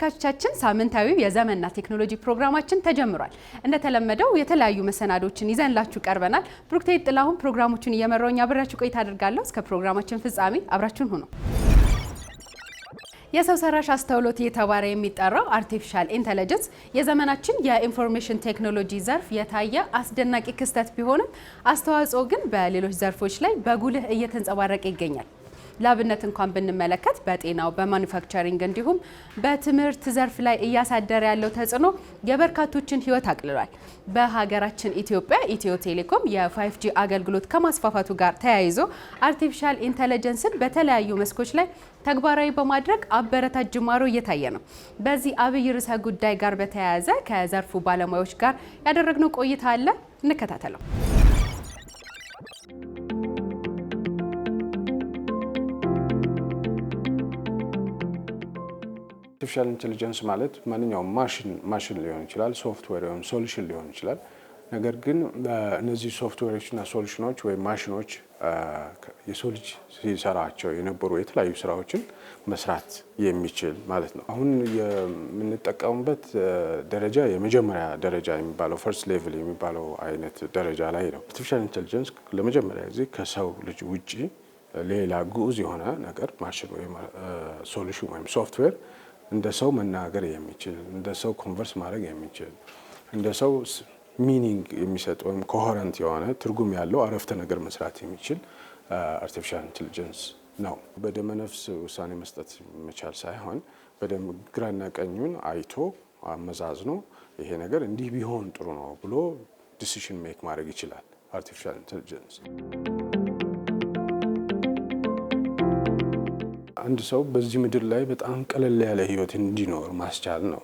ተመልካቾቻችን ሳምንታዊ የዘመንና ቴክኖሎጂ ፕሮግራማችን ተጀምሯል። እንደተለመደው የተለያዩ መሰናዶችን ይዘንላችሁ ቀርበናል። ብሩክታይት ጥላሁን ፕሮግራሞቹን እየመራውኝ አብራችሁ ቆይታ አድርጋለሁ። እስከ ፕሮግራማችን ፍጻሜ አብራችሁን ሁኑ። የሰው ሰራሽ አስተውሎት እየተባለ የሚጠራው አርቲፊሻል ኢንተለጀንስ የዘመናችን የኢንፎርሜሽን ቴክኖሎጂ ዘርፍ የታየ አስደናቂ ክስተት ቢሆንም አስተዋጽኦ ግን በሌሎች ዘርፎች ላይ በጉልህ እየተንጸባረቀ ይገኛል። ላብነት እንኳን ብንመለከት በጤናው፣ በማኑፋክቸሪንግ እንዲሁም በትምህርት ዘርፍ ላይ እያሳደረ ያለው ተጽዕኖ የበርካቶችን ህይወት አቅልሏል። በሀገራችን ኢትዮጵያ ኢትዮ ቴሌኮም የ5ጂ አገልግሎት ከማስፋፋቱ ጋር ተያይዞ አርቲፊሻል ኢንተለጀንስን በተለያዩ መስኮች ላይ ተግባራዊ በማድረግ አበረታች ጅማሮ እየታየ ነው። በዚህ አብይ ርዕሰ ጉዳይ ጋር በተያያዘ ከዘርፉ ባለሙያዎች ጋር ያደረግነው ቆይታ አለ። እንከታተለው። አርቲፊሻል ኢንቴሊጀንስ ማለት ማንኛውም ማሽን ማሽን ሊሆን ይችላል፣ ሶፍትዌር ወይም ሶሉሽን ሊሆን ይችላል። ነገር ግን እነዚህ ሶፍትዌሮችና ሶሉሽኖች ወይም ማሽኖች የሰው ልጅ ሲሰራቸው የነበሩ የተለያዩ ስራዎችን መስራት የሚችል ማለት ነው። አሁን የምንጠቀሙበት ደረጃ የመጀመሪያ ደረጃ የሚባለው ፈርስት ሌቭል የሚባለው አይነት ደረጃ ላይ ነው። አርቲፊሻል ኢንቴሊጀንስ ለመጀመሪያ ጊዜ ከሰው ልጅ ውጭ ሌላ ግዑዝ የሆነ ነገር ማሽን ወይም ሶሉሽን ወይም ሶፍትዌር እንደ ሰው መናገር የሚችል እንደ ሰው ኮንቨርስ ማድረግ የሚችል እንደ ሰው ሚኒንግ የሚሰጥ ወይም ኮሄረንት የሆነ ትርጉም ያለው አረፍተ ነገር መስራት የሚችል አርቲፊሻል ኢንቴሊጀንስ ነው። በደመ ነፍስ ውሳኔ መስጠት መቻል ሳይሆን በደም ግራና ቀኙን አይቶ አመዛዝኖ ይሄ ነገር እንዲህ ቢሆን ጥሩ ነው ብሎ ዲሲሽን ሜክ ማድረግ ይችላል አርቲፊሻል ኢንቴሊጀንስ። አንድ ሰው በዚህ ምድር ላይ በጣም ቀለል ያለ ህይወት እንዲኖር ማስቻል ነው።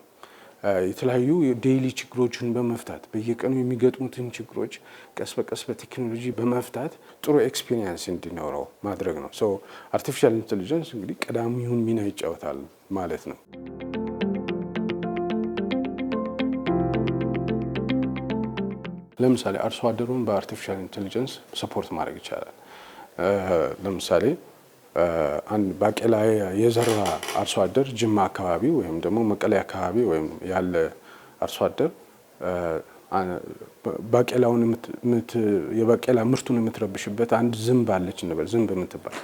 የተለያዩ ዴይሊ ችግሮችን በመፍታት በየቀኑ የሚገጥሙትን ችግሮች ቀስ በቀስ በቴክኖሎጂ በመፍታት ጥሩ ኤክስፒሪየንስ እንዲኖረው ማድረግ ነው። ሶ አርቲፊሻል ኢንቴሊጀንስ እንግዲህ ቀዳሚውን ሚና ይጫወታል ማለት ነው። ለምሳሌ አርሶ አደሩን በአርቲፊሻል ኢንቴሊጀንስ ሰፖርት ማድረግ ይቻላል። ለምሳሌ አንድ ባቄላ የዘራ አርሶ አደር ጅማ አካባቢ ወይም ደግሞ መቀሌ አካባቢ ወይም ያለ አርሶ አደር ባቄላውን የባቄላ ምርቱን የምትረብሽበት አንድ ዝንብ አለች እንበል፣ ዝንብ የምትባል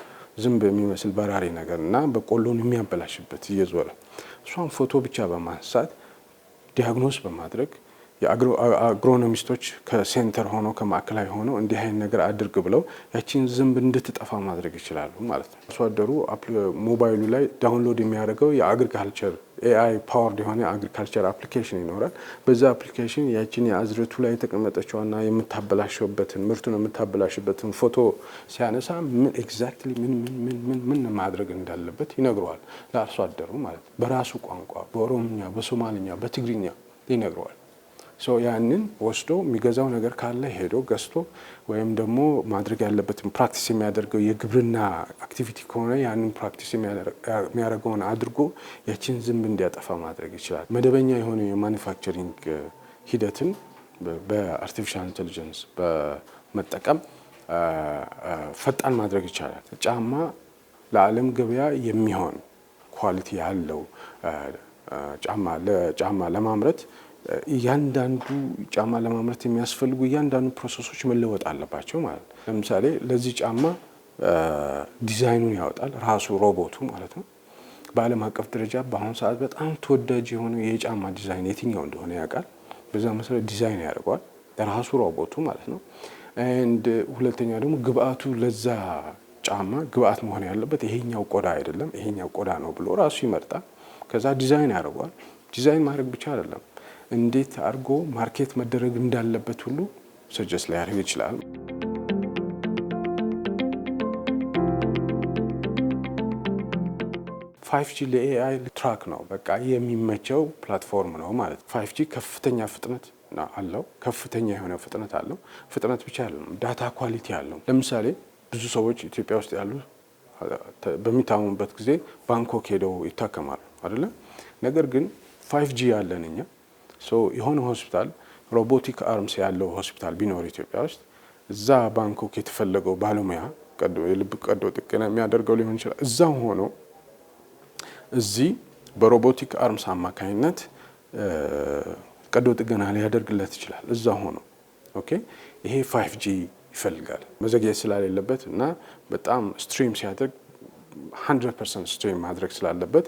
ዝንብ የሚመስል በራሪ ነገር እና በቆሎን የሚያበላሽበት እየዞረ እሷን ፎቶ ብቻ በማንሳት ዲያግኖስ በማድረግ የአግሮኖሚስቶች ከሴንተር ሆኖ ከማዕከላዊ ሆኖ እንዲህ አይነት ነገር አድርግ ብለው ያቺን ዝንብ እንድትጠፋ ማድረግ ይችላሉ ማለት ነው። አርሶ አደሩ ሞባይሉ ላይ ዳውንሎድ የሚያደርገው የአግሪካልቸር ኤአይ ፓወርድ የሆነ የአግሪካልቸር አፕሊኬሽን ይኖራል። በዛ አፕሊኬሽን ያችን የአዝርቱ ላይ የተቀመጠችዋና የምታበላሽበትን ምርቱን የምታበላሽበትን ፎቶ ሲያነሳ ምን ኤግዛክትሊ ምን ምን ምን ምን ማድረግ እንዳለበት ይነግረዋል፣ ለአርሶ አደሩ ማለት በራሱ ቋንቋ በኦሮምኛ፣ በሶማልኛ፣ በትግርኛ ይነግረዋል። ያንን ወስዶ የሚገዛው ነገር ካለ ሄዶ ገዝቶ ወይም ደግሞ ማድረግ ያለበትን ፕራክቲስ የሚያደርገው የግብርና አክቲቪቲ ከሆነ ያንን ፕራክቲስ የሚያደርገውን አድርጎ ያችን ዝንብ እንዲያጠፋ ማድረግ ይችላል። መደበኛ የሆነ የማኒፋክቸሪንግ ሂደትን በአርቲፊሻል ኢንቴሊጀንስ በመጠቀም ፈጣን ማድረግ ይቻላል። ጫማ ለዓለም ገበያ የሚሆን ኳሊቲ ያለው ጫማ ለጫማ ለማምረት እያንዳንዱ ጫማ ለማምረት የሚያስፈልጉ እያንዳንዱ ፕሮሰሶች መለወጥ አለባቸው ማለት ነው። ለምሳሌ ለዚህ ጫማ ዲዛይኑን ያወጣል ራሱ ሮቦቱ ማለት ነው። በዓለም አቀፍ ደረጃ በአሁኑ ሰዓት በጣም ተወዳጅ የሆነ የጫማ ዲዛይን የትኛው እንደሆነ ያውቃል። በዛ መሰረት ዲዛይን ያደርገዋል ራሱ ሮቦቱ ማለት ነው። አንድ ሁለተኛ ደግሞ ግብአቱ ለዛ ጫማ ግብአት መሆን ያለበት ይሄኛው ቆዳ አይደለም ይሄኛው ቆዳ ነው ብሎ ራሱ ይመርጣል። ከዛ ዲዛይን ያደርገዋል። ዲዛይን ማድረግ ብቻ አይደለም እንዴት አድርጎ ማርኬት መደረግ እንዳለበት ሁሉ ሰጀስ ሊያደርግ ይችላል። ፋይቭ ጂ ለኤአይ ትራክ ነው፣ በቃ የሚመቸው ፕላትፎርም ነው ማለት ነው። ፋይቭ ጂ ከፍተኛ ፍጥነት አለው፣ ከፍተኛ የሆነ ፍጥነት አለው። ፍጥነት ብቻ አይደለም፣ ዳታ ኳሊቲ አለው። ለምሳሌ ብዙ ሰዎች ኢትዮጵያ ውስጥ ያሉ በሚታሙበት ጊዜ ባንኮክ ሄደው ይታከማሉ አይደለም። ነገር ግን ፋይቭ ጂ ያለን እኛ ሶ የሆነ ሆስፒታል ሮቦቲክ አርምስ ያለው ሆስፒታል ቢኖር ኢትዮጵያ ውስጥ እዛ ባንኮክ የተፈለገው ባለሙያ የልብ ቀዶ ጥገና የሚያደርገው ሊሆን ይችላል። እዛው ሆኖ እዚህ በሮቦቲክ አርምስ አማካኝነት ቀዶ ጥገና ሊያደርግለት ይችላል። እዛ ሆኖ ኦኬ። ይሄ ፋይቭ ጂ ይፈልጋል መዘግየት ስላሌለበት እና በጣም ስትሪም ሲያደርግ 100% ስትሪም ማድረግ ስላለበት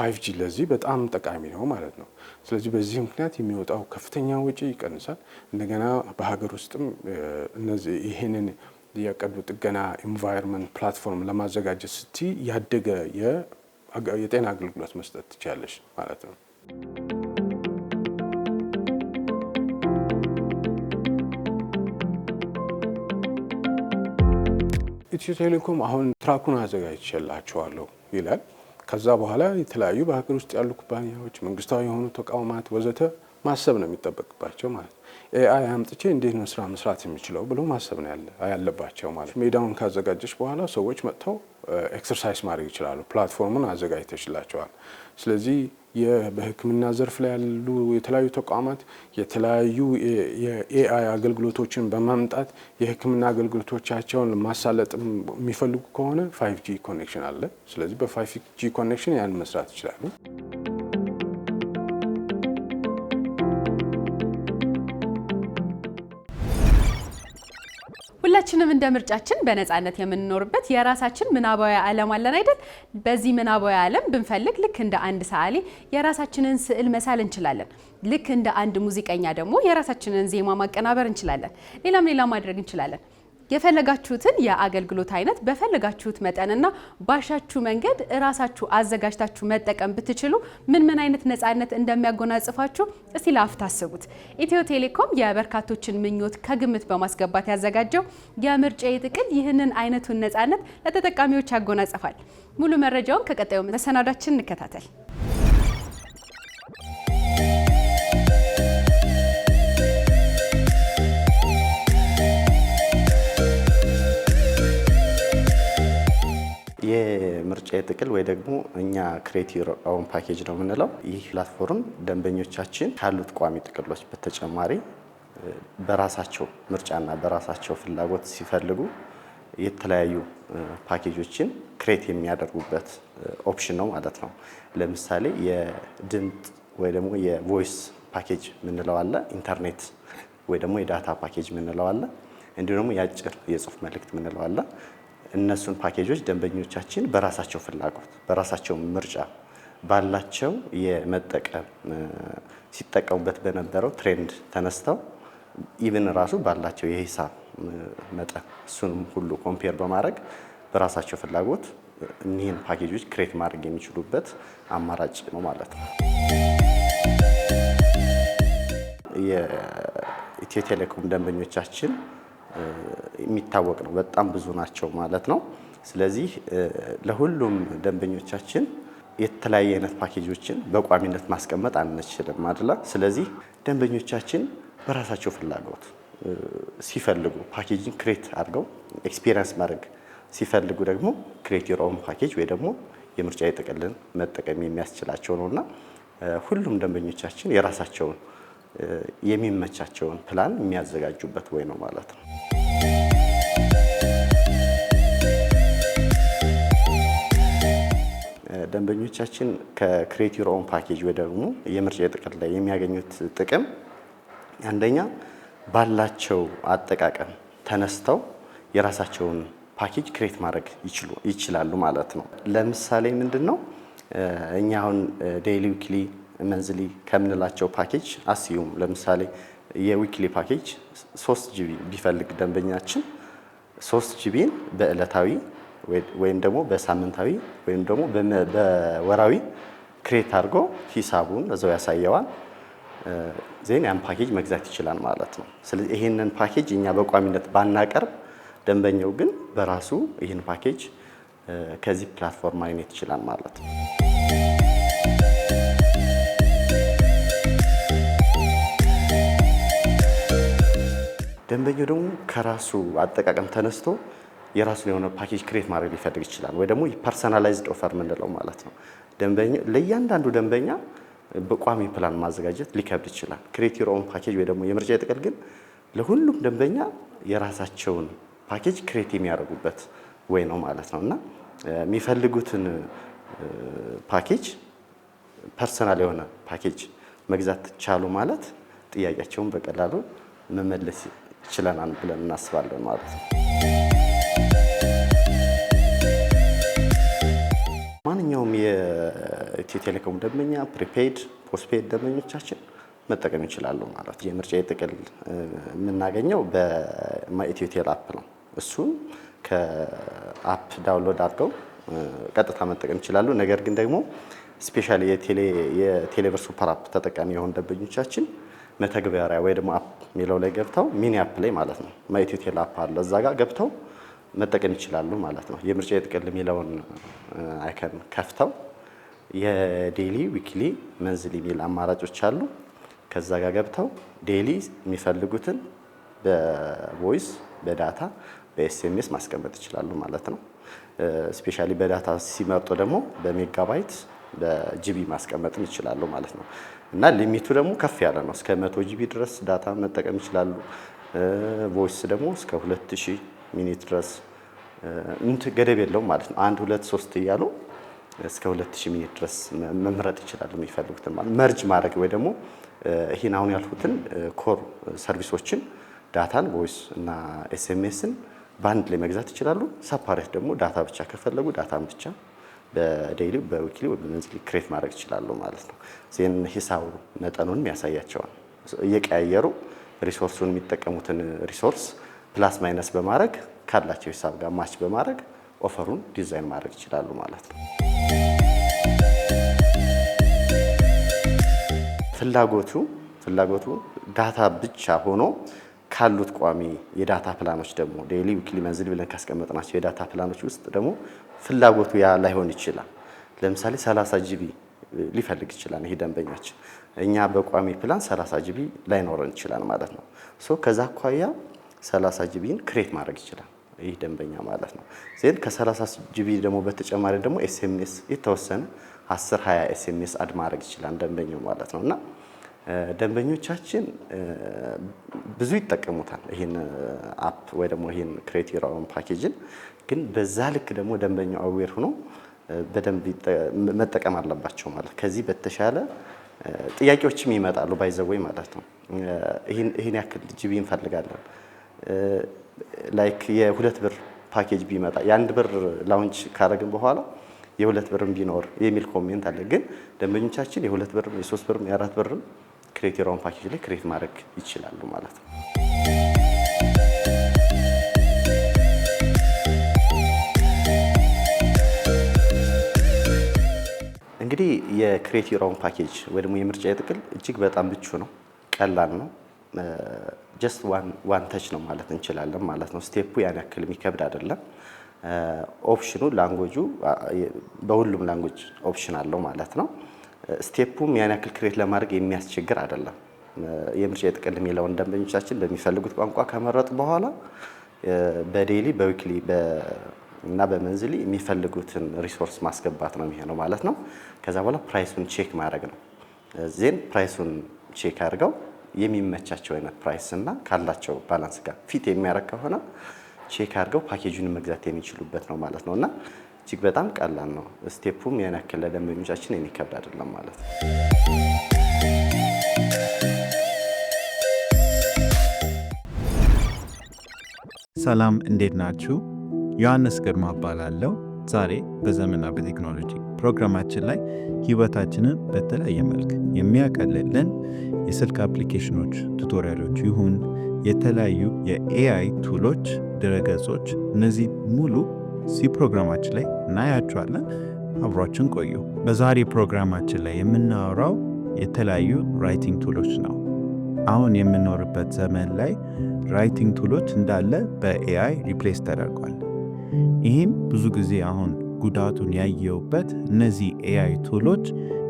5G ለዚህ በጣም ጠቃሚ ነው ማለት ነው። ስለዚህ በዚህ ምክንያት የሚወጣው ከፍተኛ ወጪ ይቀንሳል። እንደገና በሀገር ውስጥም እነዚህ ይህንን የቀዶ ጥገና ኢንቫይሮንመንት ፕላትፎርም ለማዘጋጀት ስቲ ያደገ የጤና አገልግሎት መስጠት ትችላለች ማለት ነው። ኢትዮ ቴሌኮም አሁን ትራኩን አዘጋጅቼላችኋለሁ ይላል። ከዛ በኋላ የተለያዩ በሀገር ውስጥ ያሉ ኩባንያዎች፣ መንግስታዊ የሆኑ ተቋማት ወዘተ ማሰብ ነው የሚጠበቅባቸው ማለት ነው። ኤአይ አምጥቼ እንዴት ነው ስራ መስራት የሚችለው ብሎ ማሰብ ነው ያለባቸው ማለት ሜዳውን ካዘጋጀች በኋላ ሰዎች መጥተው ኤክሰርሳይዝ ማድረግ ይችላሉ። ፕላትፎርሙን አዘጋጅተችላቸዋል። ስለዚህ በሕክምና ዘርፍ ላይ ያሉ የተለያዩ ተቋማት የተለያዩ የኤአይ አገልግሎቶችን በማምጣት የሕክምና አገልግሎቶቻቸውን ማሳለጥ የሚፈልጉ ከሆነ ፋይቭ ጂ ኮኔክሽን አለ። ስለዚህ በፋይቭ ጂ ኮኔክሽን ያን መስራት ይችላሉ። ሁላችንም እንደ ምርጫችን በነፃነት የምንኖርበት የራሳችን ምናባዊ ዓለም አለን አይደል? በዚህ ምናባዊ ዓለም ብንፈልግ ልክ እንደ አንድ ሰዓሊ የራሳችንን ስዕል መሳል እንችላለን። ልክ እንደ አንድ ሙዚቀኛ ደግሞ የራሳችንን ዜማ ማቀናበር እንችላለን። ሌላም ሌላ ማድረግ እንችላለን። የፈለጋችሁትን የአገልግሎት አይነት በፈለጋችሁት መጠንና ባሻችሁ መንገድ እራሳችሁ አዘጋጅታችሁ መጠቀም ብትችሉ ምን ምን አይነት ነፃነት እንደሚያጎናጽፋችሁ እስቲ ለአፍታ አስቡት። ኢትዮ ቴሌኮም የበርካቶችን ምኞት ከግምት በማስገባት ያዘጋጀው የምርጫዬ ጥቅል ይህንን አይነቱን ነፃነት ለተጠቃሚዎች ያጎናጽፋል። ሙሉ መረጃውን ከቀጣዩ መሰናዷችን እንከታተል። የምርጫ ጥቅል ወይ ደግሞ እኛ ክሬት ዩር ፓኬጅ ነው የምንለው። ይህ ፕላትፎርም ደንበኞቻችን ካሉት ቋሚ ጥቅሎች በተጨማሪ በራሳቸው ምርጫና በራሳቸው ፍላጎት ሲፈልጉ የተለያዩ ፓኬጆችን ክሬት የሚያደርጉበት ኦፕሽን ነው ማለት ነው። ለምሳሌ የድምፅ ወይ ደግሞ የቮይስ ፓኬጅ ምንለው አለ፣ ኢንተርኔት ወይ ደግሞ የዳታ ፓኬጅ የምንለው አለ፣ እንዲሁ ደግሞ የአጭር የጽሁፍ መልእክት የምንለው አለ። እነሱን ፓኬጆች ደንበኞቻችን በራሳቸው ፍላጎት በራሳቸው ምርጫ ባላቸው የመጠቀም ሲጠቀሙበት በነበረው ትሬንድ ተነስተው ኢቭን ራሱ ባላቸው የሂሳብ መጠን እሱንም ሁሉ ኮምፔር በማድረግ በራሳቸው ፍላጎት እኒህን ፓኬጆች ክሬት ማድረግ የሚችሉበት አማራጭ ነው ማለት ነው። የኢትዮ ቴሌኮም ደንበኞቻችን የሚታወቅ ነው። በጣም ብዙ ናቸው ማለት ነው። ስለዚህ ለሁሉም ደንበኞቻችን የተለያየ አይነት ፓኬጆችን በቋሚነት ማስቀመጥ አንችልም አይደለ? ስለዚህ ደንበኞቻችን በራሳቸው ፍላጎት ሲፈልጉ ፓኬጅን ክሬት አድርገው ኤክስፒሪየንስ ማድረግ ሲፈልጉ ደግሞ ክሬት የሮም ፓኬጅ ወይ ደግሞ የምርጫ የጥቅልን መጠቀም የሚያስችላቸው ነውና ሁሉም ደንበኞቻችን የራሳቸውን የሚመቻቸውን ፕላን የሚያዘጋጁበት ወይ ነው ማለት ነው። ደንበኞቻችን ከክሬት ዩር ፓኬጅ ወይ ደግሞ የምርጫ ጥቅል ላይ የሚያገኙት ጥቅም አንደኛ ባላቸው አጠቃቀም ተነስተው የራሳቸውን ፓኬጅ ክሬት ማድረግ ይችላሉ ማለት ነው። ለምሳሌ ምንድን ነው እኛ አሁን ዴይሊ ዊክሊ መንዝሊ ከምንላቸው ፓኬጅ አስዩም ለምሳሌ የዊክሊ ፓኬጅ ሶስት ጂቢ ቢፈልግ ደንበኛችን ሶስት ጂቢን በእለታዊ ወይም ደግሞ በሳምንታዊ ወይም ደግሞ በወራዊ ክሬት አድርጎ ሂሳቡን እዛው ያሳየዋል። ዜን ያን ፓኬጅ መግዛት ይችላል ማለት ነው። ስለዚህ ይህንን ፓኬጅ እኛ በቋሚነት ባናቀርብ፣ ደንበኛው ግን በራሱ ይህን ፓኬጅ ከዚህ ፕላትፎርም ማግኘት ይችላል ማለት ነው። ደንበኛው ደግሞ ከራሱ አጠቃቀም ተነስቶ የራሱን የሆነ ፓኬጅ ክሬት ማድረግ ሊፈልግ ይችላል። ወይ ደግሞ ፐርሰናላይዝድ ኦፈር ምንለው ማለት ነው። ለእያንዳንዱ ደንበኛ በቋሚ ፕላን ማዘጋጀት ሊከብድ ይችላል። ክሬት ዩር ኦን ፓኬጅ ወይ ደግሞ የምርጫ የጥቅል ግን ለሁሉም ደንበኛ የራሳቸውን ፓኬጅ ክሬት የሚያደርጉበት ወይ ነው ማለት ነው እና የሚፈልጉትን ፓኬጅ ፐርሰናል የሆነ ፓኬጅ መግዛት ቻሉ ማለት ጥያቄያቸውን በቀላሉ መመለስ ችለናል ብለን እናስባለን ማለት ነው። ማንኛውም የኢትዮ ቴሌኮም ደንበኛ ፕሪፔድ፣ ፖስትፔድ ደንበኞቻችን መጠቀም ይችላሉ ማለት ነው። የምርጫ ጥቅል የምናገኘው በማኢትዮ ቴል አፕ ነው። እሱም ከአፕ ዳውንሎድ አድርገው ቀጥታ መጠቀም ይችላሉ። ነገር ግን ደግሞ ስፔሻሊ የቴሌብር ሱፐር አፕ ተጠቃሚ የሆኑ ደንበኞቻችን መተግበሪያ ወይ ደግሞ አፕ የሚለው ላይ ገብተው ሚኒ አፕ ላይ ማለት ነው ማይቲዩቴል አፕ አለ እዛ ጋር ገብተው መጠቀም ይችላሉ ማለት ነው። የምርጫ ጥቅል የሚለውን አይከን ከፍተው የዴሊ ዊክሊ፣ መንዝሊ የሚል አማራጮች አሉ። ከዛ ጋር ገብተው ዴሊ የሚፈልጉትን በቮይስ በዳታ በኤስኤምኤስ ማስቀመጥ ይችላሉ ማለት ነው። ስፔሻሊ በዳታ ሲመርጡ ደግሞ በሜጋባይት በጂቢ ማስቀመጥም ይችላሉ ማለት ነው። እና ሊሚቱ ደግሞ ከፍ ያለ ነው። እስከ መቶ ጂቢ ድረስ ዳታ መጠቀም ይችላሉ። ቮይስ ደግሞ እስከ 2000 ሚኒት ድረስ እንት ገደብ የለውም ማለት ነው። አንድ ሁለት ሶስት እያሉ እስከ 2000 ሚኒት ድረስ መምረጥ ይችላሉ የሚፈልጉትን ማለት መርጅ ማድረግ ወይ ደግሞ ይህን አሁን ያልኩትን ኮር ሰርቪሶችን ዳታን፣ ቮይስ እና ኤስኤምኤስን በአንድ ላይ መግዛት ይችላሉ። ሰፓሬት ደግሞ ዳታ ብቻ ከፈለጉ ዳታን ብቻ በዴይሊ በዊክሊ ወይ በመንዝሊ ክሬት ማድረግ ይችላሉ ማለት ነው። ዜን ሂሳቡ መጠኑን ያሳያቸዋል። እየቀያየሩ ሪሶርሱን የሚጠቀሙትን ሪሶርስ ፕላስ ማይነስ በማድረግ ካላቸው ሂሳብ ጋር ማች በማድረግ ኦፈሩን ዲዛይን ማድረግ ይችላሉ ማለት ነው። ፍላጎቱ ፍላጎቱ ዳታ ብቻ ሆኖ ካሉት ቋሚ የዳታ ፕላኖች ደግሞ ዴይሊ ዊክሊ መንዝሊ ብለን ካስቀመጥናቸው የዳታ ፕላኖች ውስጥ ደግሞ ፍላጎቱ ያ ላይሆን ይችላል። ለምሳሌ 30 ጂቢ ሊፈልግ ይችላል ይሄ ደንበኛችን። እኛ በቋሚ ፕላን 30 ጂቢ ላይኖረን ይችላል ማለት ነው። ሶ ከዛ አኳያ 30 ጂቢን ክሬት ማድረግ ይችላል ይህ ደንበኛ ማለት ነው። ዜን ከ30 ጂቢ ደግሞ በተጨማሪ ደግሞ ኤስኤምኤስ የተወሰነ 10 20 ኤስኤምኤስ አድ ማድረግ ይችላል ደንበኛው ማለት ነው እና ደንበኞቻችን ብዙ ይጠቀሙታል ይህን አፕ ወይ ደግሞ ይህን ክሬት ዩር ኦውን ፓኬጅን ግን በዛ ልክ ደግሞ ደንበኛው አዌር ሆኖ በደንብ መጠቀም አለባቸው ማለት ከዚህ በተሻለ ጥያቄዎችም ይመጣሉ ባይዘወይ ማለት ነው። ይህን ያክል ጂቢ እንፈልጋለን ላይክ የሁለት ብር ፓኬጅ ቢመጣ የአንድ ብር ላውንች ካረግን በኋላ የሁለት ብርም ቢኖር የሚል ኮሜንት አለ። ግን ደንበኞቻችን የሁለት ብርም የሶስት ብርም የአራት ብርም ክሬት የራውን ፓኬጅ ላይ ክሬት ማድረግ ይችላሉ ማለት ነው። እንግዲህ የክሬት ዩር ኦውን ፓኬጅ ወይ ደግሞ የምርጫ የጥቅል እጅግ በጣም ብቹ ነው፣ ቀላል ነው። ጀስት ዋን ተች ነው ማለት እንችላለን ማለት ነው። ስቴፑ ያን ያክል የሚከብድ አይደለም። ኦፕሽኑ ላንጉጁ በሁሉም ላንጉጅ ኦፕሽን አለው ማለት ነው። ስቴፑም ያን ያክል ክሬት ለማድረግ የሚያስቸግር አይደለም። የምርጫ የጥቅል የሚለውን ደንበኞቻችን በሚፈልጉት ቋንቋ ከመረጡ በኋላ በዴይሊ በዊክሊ እና በመንዝሊ የሚፈልጉትን ሪሶርስ ማስገባት ነው የሚሆነው ማለት ነው። ከዛ በኋላ ፕራይሱን ቼክ ማድረግ ነው። ዜን ፕራይሱን ቼክ አድርገው የሚመቻቸው አይነት ፕራይስ እና ካላቸው ባላንስ ጋር ፊት የሚያደርግ ከሆነ ቼክ አድርገው ፓኬጁን መግዛት የሚችሉበት ነው ማለት ነው እና እጅግ በጣም ቀላል ነው። ስቴፑም ያን ያክል ለደንበኞቻችን የሚከብድ አይደለም ማለት ነው። ሰላም እንዴት ናችሁ? ዮሐንስ ግርማ እባላለሁ። ዛሬ በዘመንና በቴክኖሎጂ ፕሮግራማችን ላይ ህይወታችንን በተለያየ መልክ የሚያቀልልን የስልክ አፕሊኬሽኖች ቱቶሪያሎች ይሁን የተለያዩ የኤአይ ቱሎች፣ ድረገጾች እነዚህ ሙሉ ሲ ፕሮግራማችን ላይ እናያቸዋለን። አብሯችን ቆዩ። በዛሬ ፕሮግራማችን ላይ የምናወራው የተለያዩ ራይቲንግ ቱሎች ነው። አሁን የምኖርበት ዘመን ላይ ራይቲንግ ቱሎች እንዳለ በኤአይ ሪፕሌስ ተደርጓል። ይህም ብዙ ጊዜ አሁን ጉዳቱን ያየውበት እነዚህ ኤአይ ቱሎች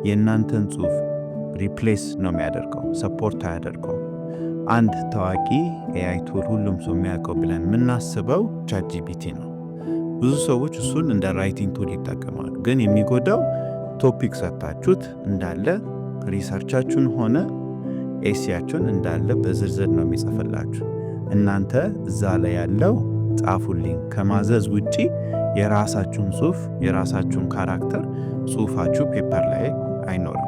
የእናንተን ጽሁፍ ሪፕሌስ ነው የሚያደርገው፣ ሰፖርት አያደርገው። አንድ ታዋቂ ኤአይ ቱል ሁሉም ሰው የሚያውቀው ብለን የምናስበው ቻትጂፒቲ ነው። ብዙ ሰዎች እሱን እንደ ራይቲንግ ቱል ይጠቀማሉ። ግን የሚጎዳው ቶፒክ ሰጥታችሁት እንዳለ ሪሰርቻችሁን ሆነ ኤሲያችሁን እንዳለ በዝርዝር ነው የሚጽፍላችሁ። እናንተ እዛ ላይ ያለው ጻፉልኝ ከማዘዝ ውጪ የራሳችሁን ጽሁፍ የራሳችሁን ካራክተር ጽሁፋችሁ ፔፐር ላይ አይኖርም።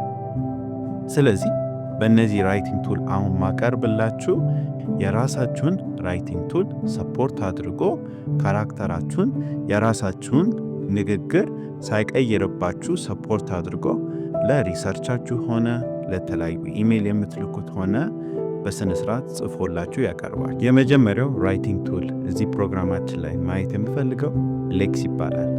ስለዚህ በእነዚህ ራይቲንግ ቱል አሁን ማቀርብላችሁ የራሳችሁን ራይቲንግ ቱል ሰፖርት አድርጎ ካራክተራችሁን የራሳችሁን ንግግር ሳይቀይርባችሁ ሰፖርት አድርጎ ለሪሰርቻችሁ ሆነ ለተለያዩ ኢሜይል የምትልኩት ሆነ በስነ ስርዓት ጽፎላችሁ ያቀርባል። የመጀመሪያው ራይቲንግ ቱል እዚህ ፕሮግራማችን ላይ ማየት የምፈልገው ሌክስ ይባላል።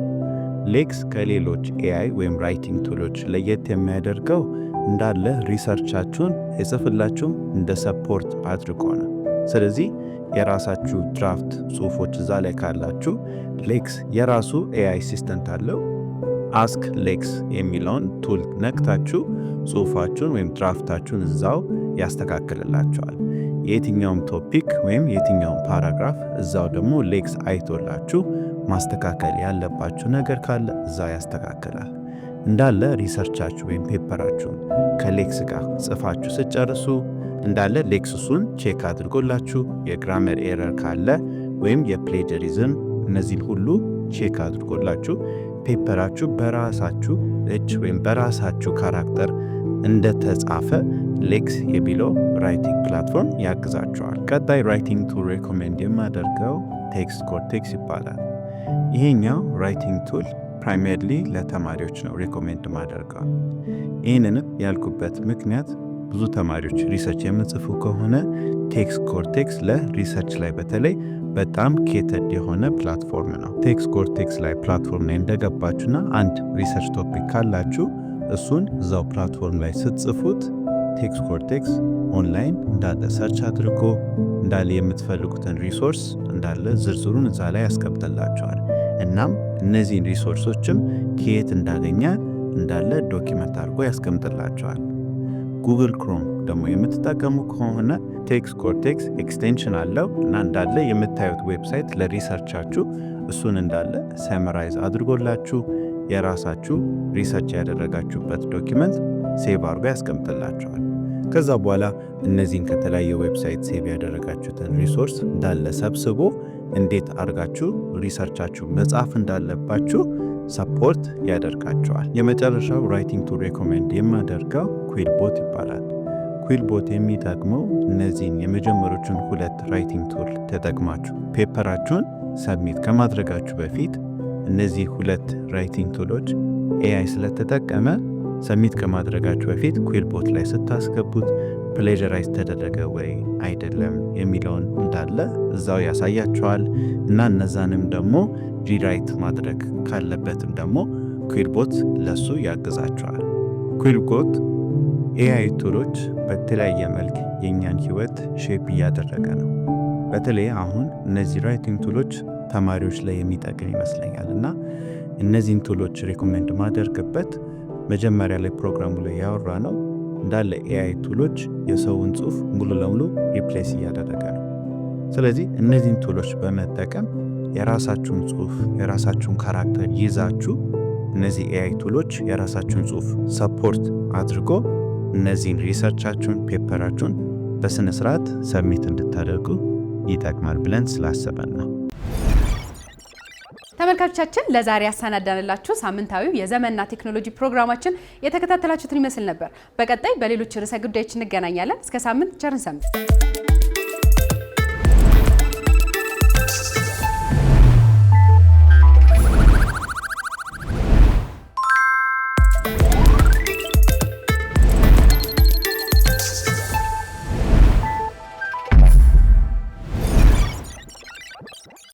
ሌክስ ከሌሎች ኤአይ ወይም ራይቲንግ ቱሎች ለየት የሚያደርገው እንዳለ ሪሰርቻችሁን የጽፍላችሁም እንደ ሰፖርት አድርጎ ነው። ስለዚህ የራሳችሁ ድራፍት ጽሁፎች እዛ ላይ ካላችሁ ሌክስ የራሱ ኤአይ ሲስተንት አለው። አስክ ሌክስ የሚለውን ቱል ነክታችሁ ጽሁፋችሁን ወይም ድራፍታችሁን እዛው ያስተካክልላቸዋል። የየትኛውም ቶፒክ ወይም የትኛውም ፓራግራፍ እዛው ደግሞ ሌክስ አይቶላችሁ ማስተካከል ያለባችሁ ነገር ካለ እዛ ያስተካክላል። እንዳለ ሪሰርቻችሁ ወይም ፔፐራችሁን ከሌክስ ጋር ጽፋችሁ ስጨርሱ እንዳለ ሌክስሱን ቼክ አድርጎላችሁ የግራመር ኤረር ካለ ወይም የፕሌጀሪዝም እነዚህን ሁሉ ቼክ አድርጎላችሁ ፔፐራችሁ በራሳችሁ እጅ ወይም በራሳችሁ ካራክተር እንደተጻፈ ሌክስ የቢሎ ራይቲንግ ፕላትፎርም ያግዛቸዋል። ቀጣይ ራይቲንግ ቱል ሬኮሜንድ የማደርገው ቴክስት ኮርቴክስ ይባላል። ይሄኛው ራይቲንግ ቱል ፕራይሜርሊ ለተማሪዎች ነው ሬኮሜንድ ማደርገው። ይህንንም ያልኩበት ምክንያት ብዙ ተማሪዎች ሪሰርች የምጽፉ ከሆነ ቴክስት ኮርቴክስ ለሪሰርች ላይ በተለይ በጣም ኬተድ የሆነ ፕላትፎርም ነው። ቴክስት ኮርቴክስ ላይ ፕላትፎርም ላይ እንደገባችሁና አንድ ሪሰርች ቶፒክ ካላችሁ እሱን እዛው ፕላትፎርም ላይ ስትጽፉት ቴክስ ኮርቴክስ ኦንላይን እንዳለ ሰርች አድርጎ እንዳለ የምትፈልጉትን ሪሶርስ እንዳለ ዝርዝሩን እዛ ላይ ያስቀምጥላቸዋል። እናም እነዚህን ሪሶርሶችም ከየት እንዳገኘ እንዳለ ዶኪመንት አድርጎ ያስቀምጥላቸዋል። ጉግል ክሮም ደግሞ የምትጠቀሙ ከሆነ ቴክስ ኮርቴክስ ኤክስቴንሽን አለው እና እንዳለ የምታዩት ዌብሳይት ለሪሰርቻችሁ እሱን እንዳለ ሰመራይዝ አድርጎላችሁ የራሳችሁ ሪሰርች ያደረጋችሁበት ዶኪመንት ሴቭ አድርጎ ያስቀምጥላቸዋል። ከዛ በኋላ እነዚህን ከተለያየ ዌብሳይት ሴቭ ያደረጋችሁትን ሪሶርስ እንዳለ ሰብስቦ እንዴት አድርጋችሁ ሪሰርቻችሁ መጻፍ እንዳለባችሁ ሰፖርት ያደርጋቸዋል። የመጨረሻው ራይቲንግ ቱ ሬኮሜንድ የማደርገው ኩዊልቦት ይባላል። ኩዊልቦት የሚጠቅመው እነዚህን የመጀመሪያዎቹን ሁለት ራይቲንግ ቱል ተጠቅማችሁ ፔፐራችሁን ሰብሚት ከማድረጋችሁ በፊት እነዚህ ሁለት ራይቲንግ ቱሎች ኤአይ ስለተጠቀመ ሰሚት ከማድረጋችሁ በፊት ኩልቦት ላይ ስታስገቡት ፕሌጀራይዝ ተደረገ ወይ አይደለም የሚለውን እንዳለ እዛው ያሳያችኋል እና እነዛንም ደግሞ ሪራይት ማድረግ ካለበትም ደግሞ ኩልቦት ለሱ ያግዛችኋል። ኩልቦት ኤአይ ቱሎች በተለያየ መልክ የእኛን ህይወት ሼፕ እያደረገ ነው። በተለይ አሁን እነዚህ ራይቲንግ ቱሎች ተማሪዎች ላይ የሚጠቅም ይመስለኛል እና እነዚህን ቱሎች ሪኮሜንድ ማደርግበት መጀመሪያ ላይ ፕሮግራሙ ላይ ያወራ ነው እንዳለ ኤአይ ቱሎች የሰውን ጽሁፍ ሙሉ ለሙሉ ሪፕሌስ እያደረገ ነው። ስለዚህ እነዚህን ቱሎች በመጠቀም የራሳችሁን ጽሁፍ የራሳችሁን ካራክተር ይዛችሁ እነዚህ ኤአይ ቱሎች የራሳችሁን ጽሁፍ ሰፖርት አድርጎ እነዚህን ሪሰርቻችሁን ፔፐራችሁን በስነ ስርዓት ሰብሚት እንድታደርጉ ይጠቅማል ብለን ስላሰበን ነው። ተመልካቾቻችን ለዛሬ ያሰናዳንላችሁ ሳምንታዊው የዘመንና ቴክኖሎጂ ፕሮግራማችን የተከታተላችሁትን ይመስል ነበር። በቀጣይ በሌሎች ርዕሰ ጉዳዮች እንገናኛለን። እስከ ሳምንት ቸርን ሰንብት።